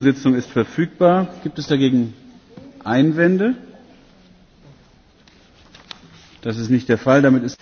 Sitzung ist verfügbar. Gibt es dagegen Einwände? Das ist nicht der Fall. Damit ist